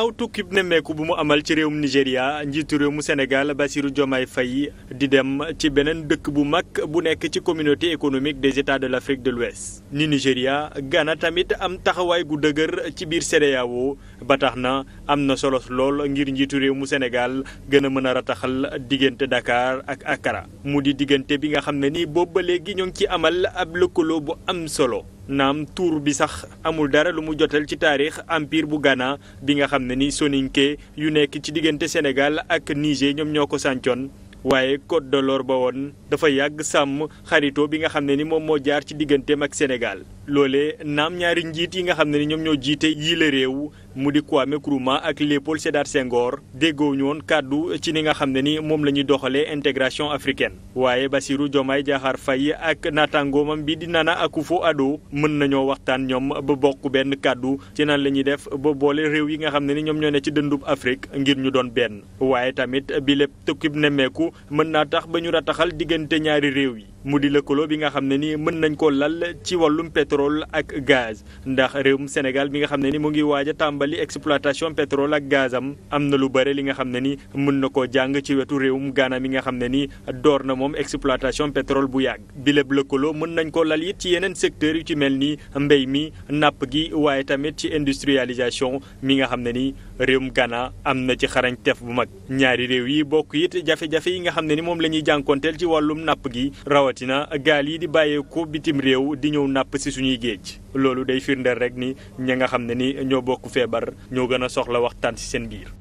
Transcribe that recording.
aw tukki nemmeeku bu mu amal ci réewum Nigéria njiitu réew mu Sénégal Bassirou Diomaye fay di dem ci beneen dëkk bu mag bu nekk ci communauté économique des états de l'Afrique de l'Ouest ni Nigéria gana tamit am taxawaay gu dëgër ci biir CEDEAO ba tax na am na solo lool ngir njiitu réew mu Sénégal gën a mën a rataxal diggante Dakar ak Accra mu di diggante bi nga xam ne ni boobu ba léegi ñoo ngi ci amal ab lëkkaloo bu am solo. naam tuur bi sax amul dara lu mu jotal ci taarix empiir bu Ghana bi nga xam ne ni soninke yu nekk ci diggante Sénégal ak Niger ñoom ñoo ko sancoon waaye Côte de l'Or ba woon dafa yàgg sàmm xaritoo bi nga xam ne ni moom moo jaar ci digganteem ak Sénégal loole naam ñaari njiit yi nga xam ne ni ñoom ñoo jiite yile réew mu di Kwame Nkrumah ak Léopold Sédar Senghor déggoo ñu woon kàddu ci ni nga xam ne ni moom la ñuy doxalee intégration africaine waaye Bassirou Diomaye Diakhar fay ak naataangoomam bi di Nana Akufo-Addo mën nañoo waxtaan ñoom ba bokk benn kàddu ci nan la ñuy def ba boole réew yi nga xam ne ni ñoom ñoo ne ci dëndub Afrique ngir ñu doon benn waaye tamit bi lépp tëkkib nemmeeku mën naa tax ba ñu rataxal diggante ñaari réew yi mu di lëkkaloo bi nga xam ne ni mën nañ koo lal ci wàllum pétrole ak gaz ndax réewum Sénégal bi nga xam ne ni mu ngi waaj a tàmbali exploitation pétrole ak gaz am am na lu bëre li nga xam ne ni mën na koo jàng ci wetu réewum Ghana mi nga xam ne ni door na moom exploitation pétrole bu yàgg bi lépp lëkkaloo mën nañ koo lal it ci yeneen secteurs yu ci mel ni mbéy mi napp gi waaye tamit ci industrialisation mi nga xam ne ni réew réewum Ghana am na ci xarañ tef bu mag ñaari réew yi bokk it jafe yi nga xam ne ni moom la ñuy jànkoonteel ci wàllum napp gi rawatina gaal yi di bàyyeekoo bitim réew di ñëw nàpp ci suñuy géej loolu day firndeel rek ni ña nga xam ne ni ñoo bokk feebar ñoo gën a soxla waxtaan ci seen biir.